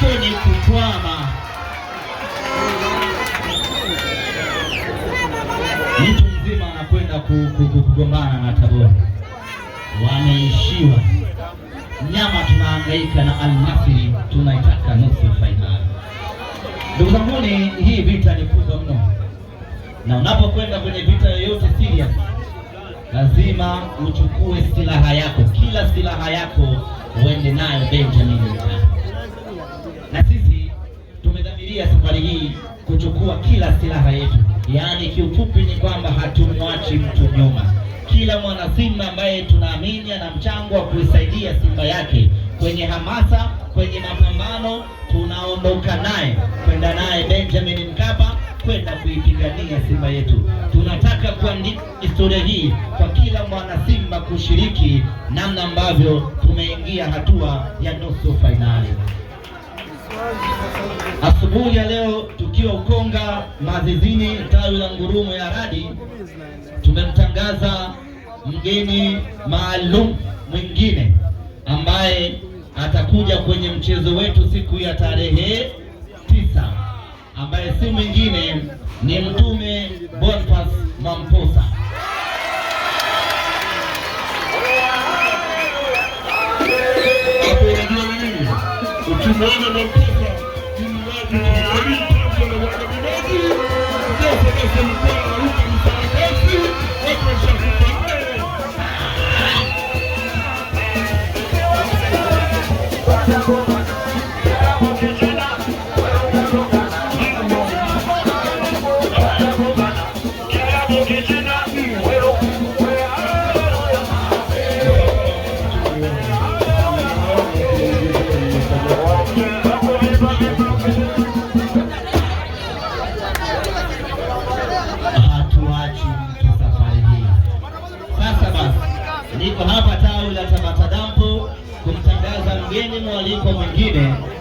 huko kukwama. Mtu mzima anakwenda kugombana na Tabora, wameishiwa nyama, tunahangaika na Almasri, tunaitaka nusu fainali. Ndugu zangu, hii vita ni kubwa mno, na unapokwenda kwenye vita yoyote serious lazima uchukue silaha yako, kila silaha yako uende nayo Benjamin Mkapa na sisi tumedhamiria safari hii kuchukua kila silaha yetu, yaani kiufupi ni kwamba hatumwachi mtu nyuma. Kila mwana Simba ambaye tunaamini ana mchango wa kuisaidia Simba yake kwenye hamasa, kwenye mapambano, tunaondoka naye kwenda naye Benjamin Mkapa kwenda kuipigania Simba yetu. Tunataka kuandika historia hii kwa kila mwana Simba kushiriki namna ambavyo tumeingia hatua ya nusu fainali. Asubuhi ya leo tukiwa Ukonga Mazizini, tawi la Ngurumo ya Radi, tumemtangaza mgeni maalum mwingine ambaye atakuja kwenye mchezo wetu siku ya tarehe tisa, ambaye si mwingine ni Mtume Boniface Mwamposa. Thank you.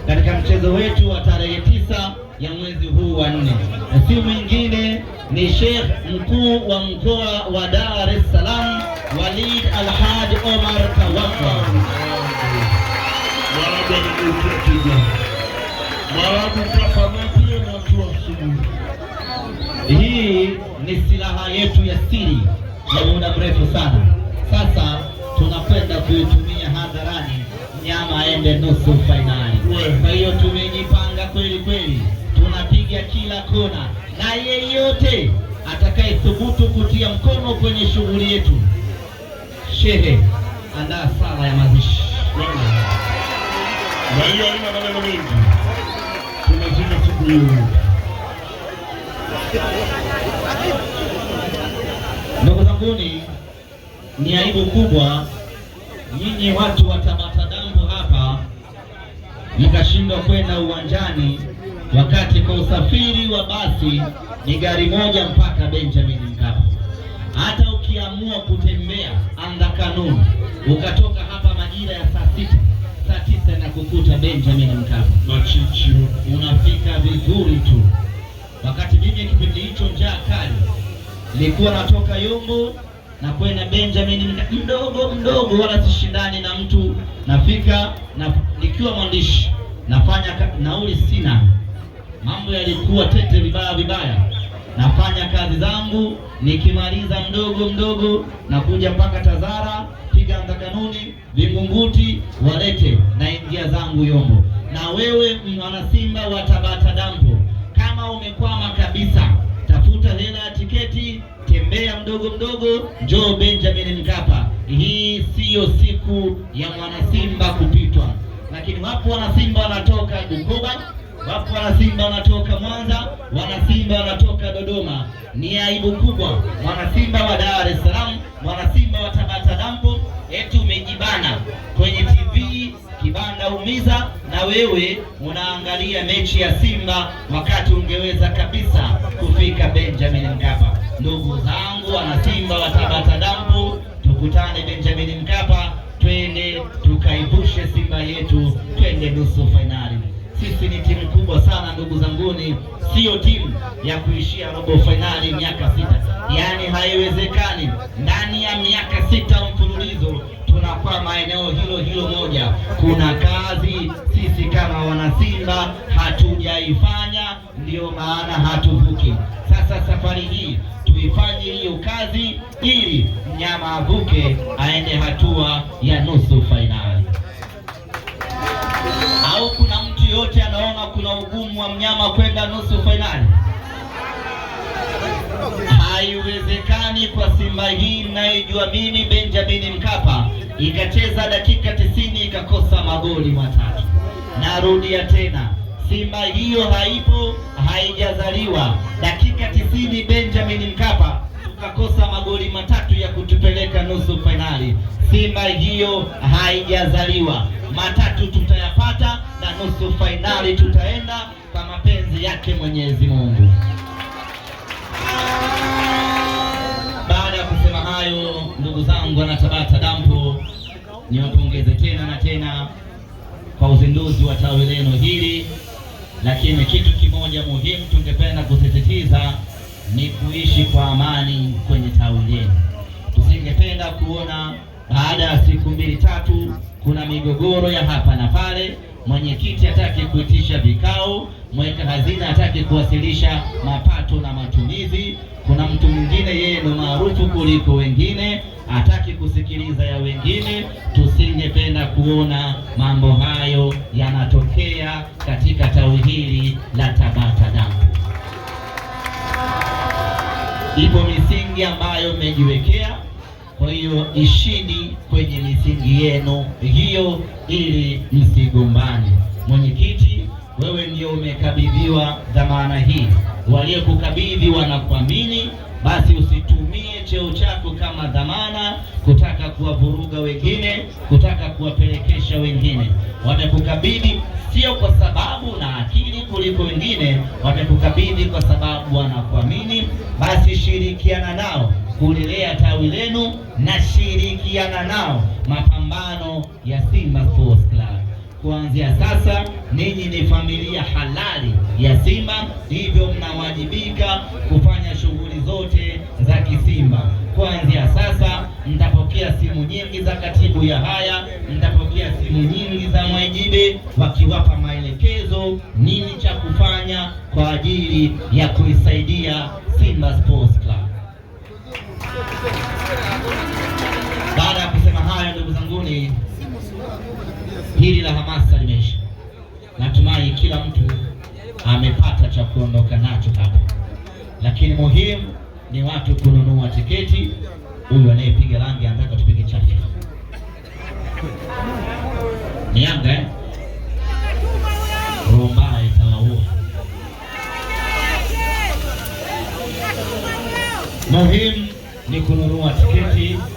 katika mchezo wetu wa tarehe tisa ya mwezi huu wa nne, na si mwingine ni Sheikh mkuu wa mkoa wa Dar es Salaam Walid alhad Omar Kawakwa. Hii ni silaha yetu ya siri ya muda mrefu sana. Sasa tunakwenda kuitumia hadharani, nyama aende nusu fainali. Kwa hiyo tumejipanga kweli kweli, tunapiga kila kona, na yeyote atakayethubutu kutia mkono kwenye shughuli yetu, shehe, andaa sala ya mazishi. Kwa hiyo haina maneno mengi, tunazima siku Ndugu zanguni, ni aibu kubwa nyinyi watu wa Tamata nikashindwa kwenda uwanjani, wakati kwa usafiri wa basi ni gari moja mpaka Benjamin Mkapa. Hata ukiamua kutembea anda kanuni, ukatoka hapa majira ya saa sita saa tisa na kukuta Benjamin Mkapa machichi, unafika vizuri tu. Wakati mimi kipindi hicho njaa kali, nilikuwa natoka Yumbu kwenda Benjamin mdogo mdogo, wala sishindani na mtu. Nafika na nikiwa mwandishi, nafanya nauli sina, mambo yalikuwa tete vibaya vibaya. Nafanya kazi zangu, nikimaliza mdogo mdogo, nakuja mpaka Tazara, Piganza, Kanuni, Vingunguti, Walete, naingia zangu Yombo. Na wewe mwana Simba wa Tabata Dampo, kama umekwama kidogo, njoo Benjamin Mkapa. Hii siyo siku ya mwanasimba kupitwa, lakini wapo wanasimba wanatoka Bukoba, wapo wanasimba wanatoka Mwanza, wanasimba wanatoka Dodoma. Ni aibu kubwa mwanasimba wa Dar es Salaam, mwanasimba wa Tabata dambo eti umejibana kwenye TV kibanda umiza, na wewe unaangalia mechi ya Simba wakati ungeweza kabisa kufika Benjamin. nusu fainali. Sisi ni timu kubwa sana ndugu zanguni, siyo timu ya kuishia robo fainali miaka sita, yaani haiwezekani. Ndani ya miaka sita mfululizo tunakwama eneo hilo hilo moja. Kuna kazi sisi kama wanasimba hatujaifanya, ndiyo maana hatuvuki. Sasa safari hii tuifanye hiyo kazi, ili mnyama avuke aende hatua ya nusu fainali. kuna ugumu wa mnyama kwenda nusu fainali? Haiwezekani kwa Simba hii inayojua mimi Benjamin Mkapa ikacheza dakika tisini ikakosa magoli matatu. Narudia tena, Simba hiyo haipo, haijazaliwa. Dakika tisini Benjamin Mkapa tukakosa magoli matatu ya kutupeleka nusu fainali. Simba hiyo haijazaliwa matatu tutayapata na nusu fainali tutaenda kwa mapenzi yake Mwenyezi Mungu. Baada ya kusema hayo, ndugu zangu wana Tabata Dampo, niwapongeze tena na tena kwa uzinduzi wa tawi lenu hili, lakini kitu kimoja muhimu tungependa kusisitiza ni kuishi kwa amani kwenye tawi lenu. Tusingependa kuona baada ya siku mbili tatu, kuna migogoro ya hapa na pale, mwenyekiti atake kuitisha vikao, mweka hazina atake kuwasilisha mapato na matumizi. Kuna mtu mwingine yeye ndo maarufu kuliko wengine, ataki kusikiliza ya wengine. Tusingependa kuona mambo hayo yanatokea katika tawi hili la Tabata Dampo. Ipo misingi ambayo mmejiwekea hiyo ishini kwenye misingi yenu hiyo, ili msigombane. Mwenyekiti, wewe ndio umekabidhiwa dhamana hii, waliyokukabidhi wanakuamini, basi usitumie cheo chako kama dhamana kutaka kuwavuruga wengine, kutaka kuwapelekesha wengine. Wamekukabidhi sio kwa sababu na akili kuliko wengine, wamekukabidhi kwa sababu wanakuamini, basi shirikiana nao kulilea tawi lenu na shirikiana nao mapambano ya Simba Sports Club. Kuanzia sasa ninyi ni familia halali ya Simba, hivyo mnawajibika kufanya shughuli zote za kisimba. Kuanzia sasa mtapokea simu nyingi za katibu ya haya, mtapokea simu nyingi za mwajibi wakiwapa maelekezo nini cha kufanya kwa ajili ya kuisaidia Simba Sports ni hili la hamasa limeisha. Natumai kila mtu amepata cha kuondoka nacho hapa, lakini muhimu ni watu kununua tiketi. Huyu anayepiga rangi anataka tupige chafya ni Yanga eh? Rumba itawaua. Muhimu ni kununua tiketi.